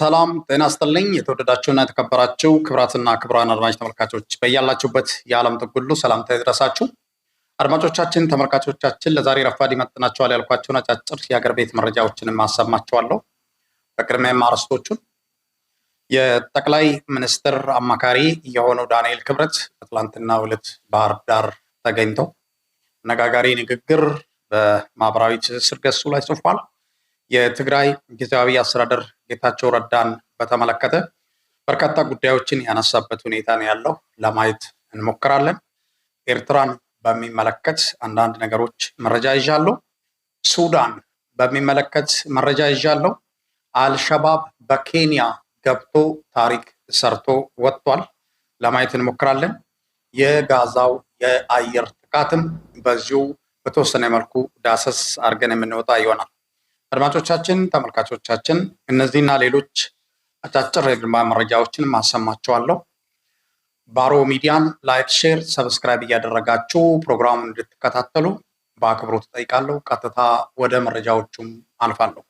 ሰላም ጤና ስጥልኝ። የተወደዳችሁና የተከበራችሁ ክብራትና ክብራን አድማጭ ተመልካቾች በያላችሁበት የዓለም ጥግ ሁሉ ሰላምታ ይድረሳችሁ። አድማጮቻችን፣ ተመልካቾቻችን ለዛሬ ረፋድ ይመጥናቸዋል ያልኳቸውን አጫጭር የአገር ቤት መረጃዎችን አሰማችኋለሁ። በቅድሚያም አርዕስቶቹን የጠቅላይ ሚኒስትር አማካሪ የሆነው ዳንኤል ክብረት በትላንትናው ዕለት ባህር ዳር ተገኝተው አነጋጋሪ ንግግር በማህበራዊ ትስስር ገጹ ላይ ጽፏል። የትግራይ ጊዜያዊ አስተዳደር ጌታቸው ረዳን በተመለከተ በርካታ ጉዳዮችን ያነሳበት ሁኔታ ነው ያለው። ለማየት እንሞክራለን። ኤርትራን በሚመለከት አንዳንድ ነገሮች መረጃ ይዣለሁ። ሱዳን በሚመለከት መረጃ ይዣለሁ። አልሸባብ በኬንያ ገብቶ ታሪክ ሰርቶ ወጥቷል። ለማየት እንሞክራለን። የጋዛው የአየር ጥቃትም በዚሁ በተወሰነ መልኩ ዳሰስ አድርገን የምንወጣ ይሆናል። አድማጮቻችን፣ ተመልካቾቻችን እነዚህና ሌሎች አጫጭር የግንባር መረጃዎችን ማሰማችኋለሁ። ባሮ ሚዲያን ላይክ፣ ሼር፣ ሰብስክራይብ እያደረጋችሁ ፕሮግራሙን እንድትከታተሉ በአክብሮት እጠይቃለሁ። ቀጥታ ወደ መረጃዎቹም አልፋለሁ።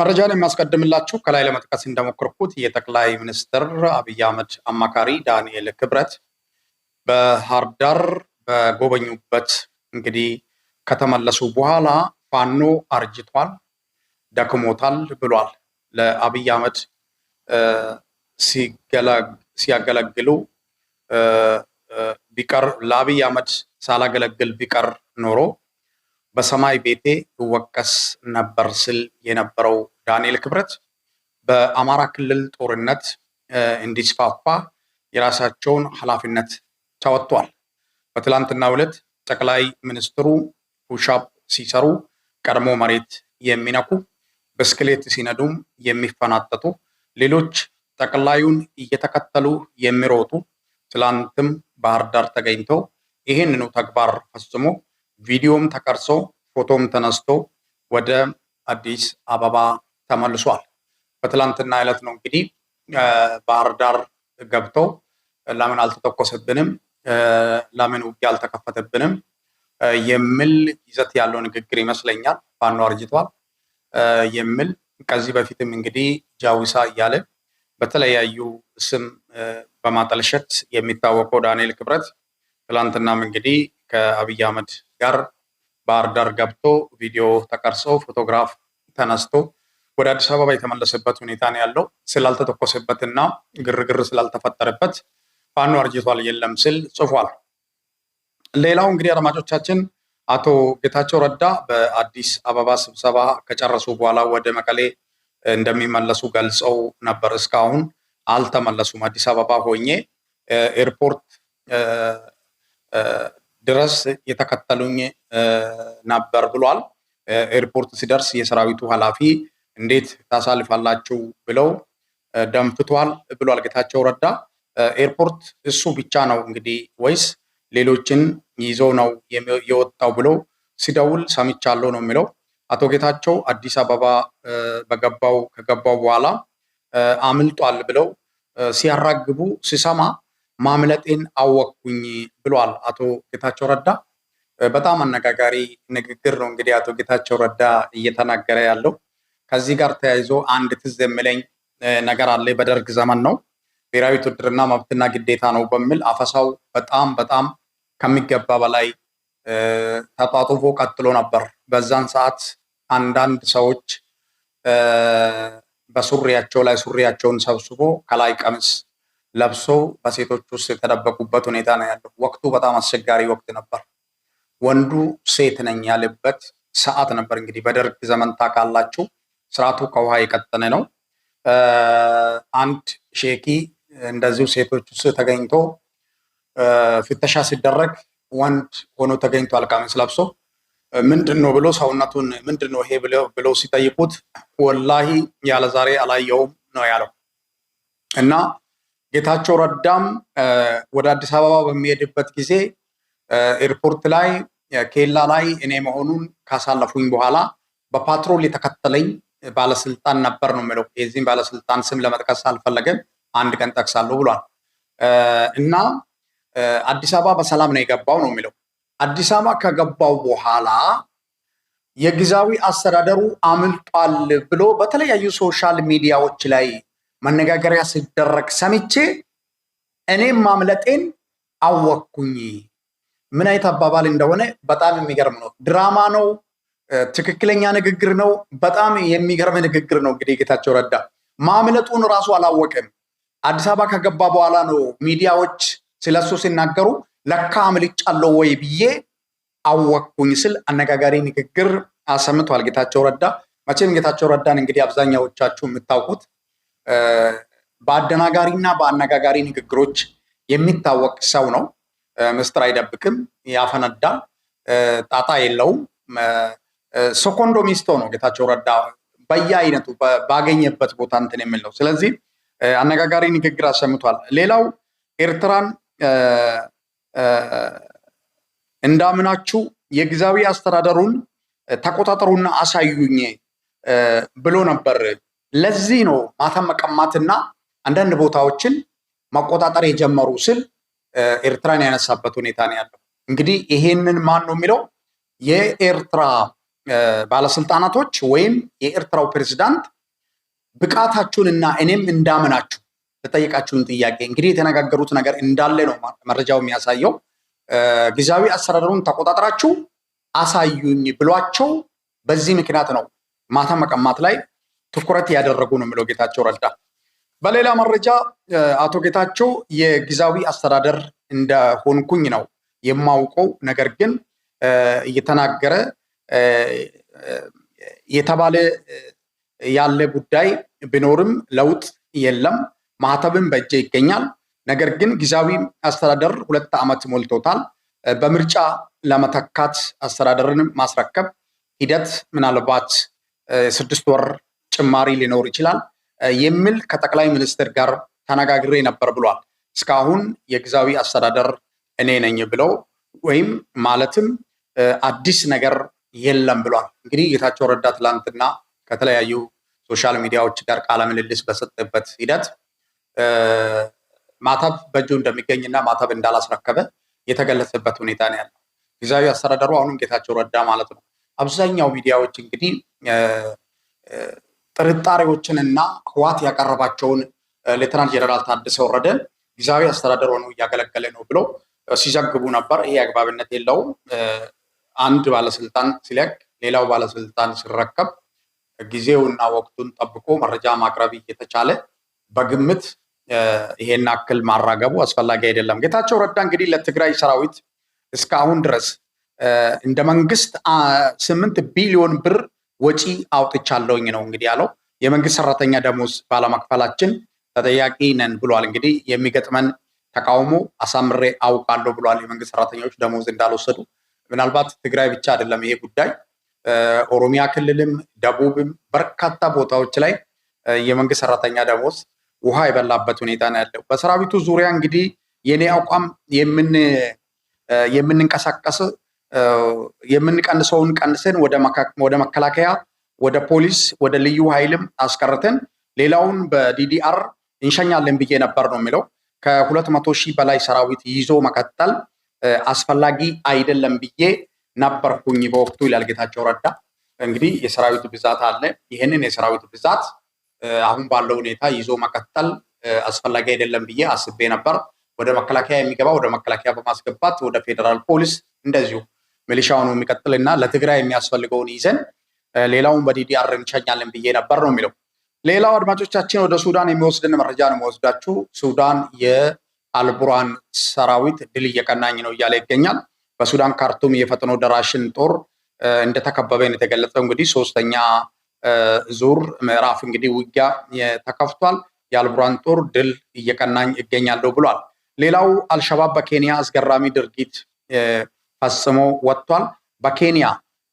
መረጃን የሚያስቀድምላችሁ ከላይ ለመጥቀስ እንደሞከርኩት የጠቅላይ ሚኒስትር አብይ አህመድ አማካሪ ዳንኤል ክብረት ባህር ዳር በጎበኙበት እንግዲህ ከተመለሱ በኋላ ፋኖ አርጅቷል፣ ደክሞታል ብሏል። ለአብይ አህመድ ሲያገለግሉ ቢቀር ለአብይ አህመድ ሳላገለግል ቢቀር ኖሮ በሰማይ ቤቴ እወቀስ ነበር ስል የነበረው ዳንኤል ክብረት በአማራ ክልል ጦርነት እንዲስፋፋ የራሳቸውን ኃላፊነት ተወጥቷል። በትላንትናው ዕለት ጠቅላይ ሚኒስትሩ ፑሻፕ ሲሰሩ ቀድሞ መሬት የሚነኩ ብስክሌት ሲነዱም የሚፈናጠጡ ሌሎች ጠቅላዩን እየተከተሉ የሚሮጡ ትላንትም ባህር ዳር ተገኝተው ይህንኑ ተግባር ፈጽሞ ቪዲዮም ተቀርጾ ፎቶም ተነስቶ ወደ አዲስ አበባ ተመልሷል። በትላንትና ዕለት ነው እንግዲህ ባህር ዳር ገብተው ለምን አልተተኮሰብንም፣ ለምን ውጊያ አልተከፈተብንም የሚል ይዘት ያለው ንግግር ይመስለኛል። ፋኖ አርጅቷል የሚል ከዚህ በፊትም እንግዲህ ጃዊሳ እያለ በተለያዩ ስም በማጠልሸት የሚታወቀው ዳንኤል ክብረት ትላንትናም እንግዲህ ከአብይ አህመድ ጋር ባህር ዳር ገብቶ ቪዲዮ ተቀርጾ ፎቶግራፍ ተነስቶ ወደ አዲስ አበባ የተመለሰበት ሁኔታ ነው ያለው። ስላልተተኮሰበትና ግርግር ስላልተፈጠረበት ፋኖ አርጅቷል የለም ስል ጽፏል። ሌላው እንግዲህ አድማጮቻችን አቶ ጌታቸው ረዳ በአዲስ አበባ ስብሰባ ከጨረሱ በኋላ ወደ መቀሌ እንደሚመለሱ ገልጸው ነበር። እስካሁን አልተመለሱም። አዲስ አበባ ሆኜ ኤርፖርት ድረስ የተከተሉኝ ነበር ብሏል። ኤርፖርት ሲደርስ የሰራዊቱ ኃላፊ እንዴት ታሳልፋላችሁ ብለው ደንፍቷል ብሏል ጌታቸው ረዳ። ኤርፖርት እሱ ብቻ ነው እንግዲህ ወይስ ሌሎችን ይዞ ነው የወጣው ብሎ ሲደውል ሰምቻለሁ ነው የሚለው አቶ ጌታቸው አዲስ አበባ በገባው ከገባው በኋላ አምልጧል ብለው ሲያራግቡ ሲሰማ ማምለጤን አወቅኩኝ ብሏል አቶ ጌታቸው ረዳ። በጣም አነጋጋሪ ንግግር ነው እንግዲህ አቶ ጌታቸው ረዳ እየተናገረ ያለው። ከዚህ ጋር ተያይዞ አንድ ትዝ የሚለኝ ነገር አለ። በደርግ ዘመን ነው ብሔራዊ ውትድርና መብትና ግዴታ ነው በሚል አፈሳው በጣም በጣም ከሚገባ በላይ ተጧጡፎ ቀጥሎ ነበር። በዛን ሰዓት አንዳንድ ሰዎች በሱሪያቸው ላይ ሱሪያቸውን ሰብስቦ ከላይ ቀሚስ ለብሶ በሴቶች ውስጥ የተደበቁበት ሁኔታ ነው ያለው። ወቅቱ በጣም አስቸጋሪ ወቅት ነበር። ወንዱ ሴት ነኝ ያለበት ሰዓት ነበር። እንግዲህ በደርግ ዘመን ታውቃላችሁ፣ ስርዓቱ ከውሃ የቀጠነ ነው። አንድ ሼኪ እንደዚሁ ሴቶች ውስጥ ተገኝቶ ፍተሻ ሲደረግ ወንድ ሆኖ ተገኝቷል ቀሚስ ለብሶ ምንድን ነው ብሎ ሰውነቱን ምንድን ነው ይሄ ብለው ሲጠይቁት ወላሂ ያለ ዛሬ አላየውም ነው ያለው። እና ጌታቸው ረዳም ወደ አዲስ አበባ በሚሄድበት ጊዜ ኤርፖርት ላይ ኬላ ላይ እኔ መሆኑን ካሳለፉኝ በኋላ በፓትሮል የተከተለኝ ባለስልጣን ነበር ነው የሚለው። የዚህም ባለስልጣን ስም ለመጥቀስ አልፈለገም። አንድ ቀን ጠቅሳለሁ ብሏል እና አዲስ አበባ በሰላም ነው የገባው ነው የሚለው። አዲስ አበባ ከገባው በኋላ የጊዜያዊ አስተዳደሩ አምልጧል ብሎ በተለያዩ ሶሻል ሚዲያዎች ላይ መነጋገሪያ ሲደረግ ሰምቼ እኔም ማምለጤን አወቅኩኝ። ምን አይነት አባባል እንደሆነ በጣም የሚገርም ነው። ድራማ ነው፣ ትክክለኛ ንግግር ነው። በጣም የሚገርም ንግግር ነው። እንግዲህ ጌታቸው ረዳ ማምለጡን ራሱ አላወቅም። አዲስ አበባ ከገባ በኋላ ነው ሚዲያዎች ስለ እሱ ሲናገሩ ለካ አምልጫለሁ ወይ ብዬ አወቅኩኝ ስል አነጋጋሪ ንግግር አሰምቷል ጌታቸው ረዳ። መቼም ጌታቸው ረዳን እንግዲህ አብዛኛዎቻችሁ የምታውቁት በአደናጋሪና በአነጋጋሪ ንግግሮች የሚታወቅ ሰው ነው። ምስጢር አይደብቅም፣ ያፈነዳል፣ ጣጣ የለውም። ሶኮንዶ ሚስቶ ነው ጌታቸው ረዳ በየአይነቱ ባገኘበት ቦታ እንትን የሚለው ስለዚህ አነጋጋሪ ንግግር አሰምቷል። ሌላው ኤርትራን እንዳምናችሁ የግዛዊ አስተዳደሩን ተቆጣጠሩና አሳዩኝ ብሎ ነበር። ለዚህ ነው ማተም መቀማትና አንዳንድ ቦታዎችን መቆጣጠር የጀመሩ ስል ኤርትራን ያነሳበት ሁኔታ ነው ያለው። እንግዲህ ይሄንን ማን ነው የሚለው? የኤርትራ ባለስልጣናቶች ወይም የኤርትራው ፕሬዚዳንት ብቃታችሁን እና እኔም እንዳምናችሁ ለጠየቃችሁን ጥያቄ እንግዲህ የተነጋገሩት ነገር እንዳለ ነው መረጃው የሚያሳየው። ጊዜያዊ አስተዳደሩን ተቆጣጥራችሁ አሳዩኝ ብሏቸው በዚህ ምክንያት ነው ማታ መቀማት ላይ ትኩረት ያደረጉ ነው የሚለው ጌታቸው ረዳ። በሌላ መረጃ አቶ ጌታቸው የጊዜያዊ አስተዳደር እንደሆንኩኝ ነው የማውቀው፣ ነገር ግን እየተናገረ የተባለ ያለ ጉዳይ ቢኖርም ለውጥ የለም ማህተብም በእጄ ይገኛል። ነገር ግን ጊዜያዊ አስተዳደር ሁለት ዓመት ሞልቶታል። በምርጫ ለመተካት አስተዳደርን ማስረከብ ሂደት ምናልባት ስድስት ወር ጭማሪ ሊኖር ይችላል የሚል ከጠቅላይ ሚኒስትር ጋር ተነጋግሬ ነበር ብሏል። እስካሁን የጊዜያዊ አስተዳደር እኔ ነኝ ብለው ወይም ማለትም አዲስ ነገር የለም ብሏል። እንግዲህ ጌታቸው ረዳ ትላንትና ከተለያዩ ሶሻል ሚዲያዎች ጋር ቃለ ምልልስ በሰጠበት ሂደት ማተብ በእጁ እንደሚገኝና ማተብ እንዳላስረከበ የተገለጸበት ሁኔታ ነው ያለው። ጊዜያዊ አስተዳደሩ አሁንም ጌታቸው ረዳ ማለት ነው። አብዛኛው ሚዲያዎች እንግዲህ ጥርጣሬዎችን እና ህዋት ያቀረባቸውን ሌተናንት ጀነራል ታደሰ ወረደ ጊዜያዊ አስተዳደር ሆኖ እያገለገለ ነው ብሎ ሲዘግቡ ነበር። ይሄ አግባብነት የለውም። አንድ ባለስልጣን ሲለቅ ሌላው ባለስልጣን ሲረከብ ጊዜውና ወቅቱን ጠብቆ መረጃ ማቅረብ እየተቻለ በግምት ይሄን አክል ማራገቡ አስፈላጊ አይደለም። ጌታቸው ረዳ እንግዲህ ለትግራይ ሰራዊት እስካሁን ድረስ እንደ መንግስት ስምንት ቢሊዮን ብር ወጪ አውጥቻለሁኝ ነው እንግዲህ ያለው። የመንግስት ሰራተኛ ደሞዝ ባለመክፈላችን ተጠያቂ ነን ብሏል። እንግዲህ የሚገጥመን ተቃውሞ አሳምሬ አውቃለሁ ብሏል። የመንግስት ሰራተኞች ደሞዝ እንዳልወሰዱ ምናልባት ትግራይ ብቻ አይደለም ይሄ ጉዳይ ኦሮሚያ ክልልም ደቡብም በርካታ ቦታዎች ላይ የመንግስት ሰራተኛ ደሞዝ ውሃ የበላበት ሁኔታ ነው ያለው። በሰራዊቱ ዙሪያ እንግዲህ የኔ አቋም የምንንቀሳቀስ የምንቀንሰውን ቀንሰን ወደ መከላከያ፣ ወደ ፖሊስ፣ ወደ ልዩ ኃይልም አስቀርተን ሌላውን በዲዲአር እንሸኛለን ብዬ ነበር ነው የሚለው። ከሁለት መቶ ሺህ በላይ ሰራዊት ይዞ መቀጠል አስፈላጊ አይደለም ብዬ ነበርኩኝ በወቅቱ ይላል ጌታቸው ረዳ። እንግዲህ የሰራዊት ብዛት አለ። ይህንን የሰራዊት ብዛት አሁን ባለው ሁኔታ ይዞ መቀጠል አስፈላጊ አይደለም ብዬ አስቤ ነበር። ወደ መከላከያ የሚገባ ወደ መከላከያ በማስገባት ወደ ፌዴራል ፖሊስ እንደዚሁ ሚሊሻውን የሚቀጥል እና ለትግራይ የሚያስፈልገውን ይዘን ሌላውን በዲዲአር እንሸኛለን ብዬ ነበር ነው የሚለው። ሌላው አድማጮቻችን ወደ ሱዳን የሚወስድን መረጃ ነው የሚወስዳችሁ። ሱዳን የአልቡራን ሰራዊት ድል እየቀናኝ ነው እያለ ይገኛል። በሱዳን ካርቱም የፈጥኖ ደራሽን ጦር እንደተከበበ የተገለጸው እንግዲህ ሶስተኛ ዙር ምዕራፍ እንግዲህ ውጊያ ተከፍቷል። የአልቡራን ጦር ድል እየቀናኝ እገኛለሁ ብሏል። ሌላው አልሸባብ በኬንያ አስገራሚ ድርጊት ፈጽሞ ወጥቷል። በኬንያ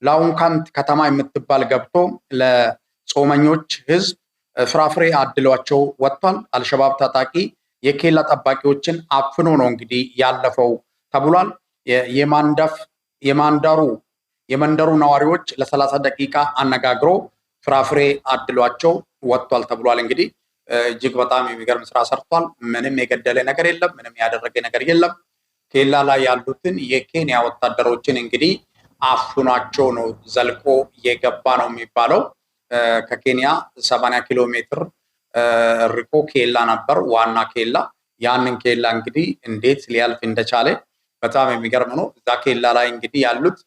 ላውንካንት ከተማ የምትባል ገብቶ ለጾመኞች ህዝብ ፍራፍሬ አድሏቸው ወጥቷል። አልሸባብ ታጣቂ የኬላ ጠባቂዎችን አፍኖ ነው እንግዲህ ያለፈው ተብሏል። የማንዳፍ የማንዳሩ የመንደሩ ነዋሪዎች ለሰላሳ ደቂቃ አነጋግሮ ፍራፍሬ አድሏቸው ወጥቷል ተብሏል። እንግዲህ እጅግ በጣም የሚገርም ስራ ሰርቷል። ምንም የገደለ ነገር የለም፣ ምንም ያደረገ ነገር የለም። ኬላ ላይ ያሉትን የኬንያ ወታደሮችን እንግዲህ አፍኗቸው ነው ዘልቆ የገባ ነው የሚባለው። ከኬንያ ሰማንያ ኪሎ ሜትር ርቆ ኬላ ነበር ዋና ኬላ። ያንን ኬላ እንግዲህ እንዴት ሊያልፍ እንደቻለ በጣም የሚገርም ነው። እዛ ኬላ ላይ እንግዲህ ያሉት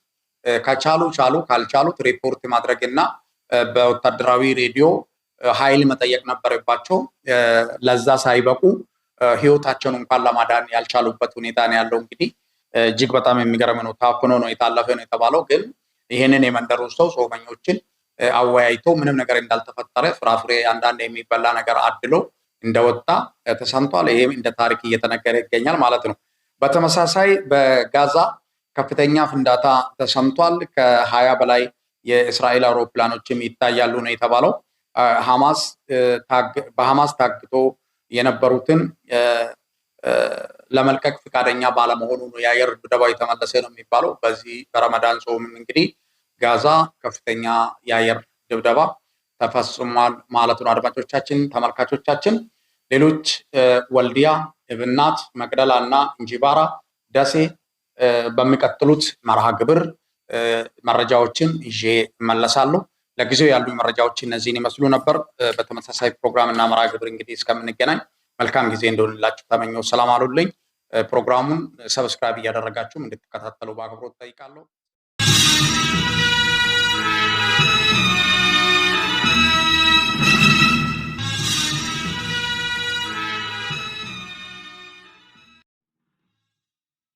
ከቻሉ ቻሉ፣ ካልቻሉት ሪፖርት ማድረግና በወታደራዊ ሬዲዮ ኃይል መጠየቅ ነበረባቸው። ለዛ ሳይበቁ ህይወታቸውን እንኳን ለማዳን ያልቻሉበት ሁኔታ ነው ያለው። እንግዲህ እጅግ በጣም የሚገርም ነው። ታፍኖ ነው የታለፈ ነው የተባለው። ግን ይህንን የመንደሩ ሰው ጾመኞችን አወያይቶ ምንም ነገር እንዳልተፈጠረ ፍራፍሬ አንዳንድ የሚበላ ነገር አድሎ እንደወጣ ተሰምቷል። ይህም እንደ ታሪክ እየተነገረ ይገኛል ማለት ነው። በተመሳሳይ በጋዛ ከፍተኛ ፍንዳታ ተሰምቷል። ከሀያ በላይ የእስራኤል አውሮፕላኖችም ይታያሉ ነው የተባለው። በሐማስ ታግቶ የነበሩትን ለመልቀቅ ፍቃደኛ ባለመሆኑ ነው የአየር ድብደባ የተመለሰ ነው የሚባለው። በዚህ በረመዳን ጾም እንግዲህ ጋዛ ከፍተኛ የአየር ድብደባ ተፈጽሟል ማለት ነው። አድማጮቻችን፣ ተመልካቾቻችን ሌሎች ወልዲያ፣ እብናት፣ መቅደላ እና እንጂባራ፣ ደሴ በሚቀጥሉት መርሃ ግብር መረጃዎችን ይዤ እመለሳለሁ። ለጊዜው ያሉ መረጃዎች እነዚህን ይመስሉ ነበር። በተመሳሳይ ፕሮግራም እና መርሃ ግብር እንግዲህ እስከምንገናኝ መልካም ጊዜ እንደሆንላችሁ ተመኘው። ሰላም አሉልኝ። ፕሮግራሙን ሰብስክራይብ እያደረጋችሁም እንድትከታተሉ በአክብሮት ጠይቃለሁ።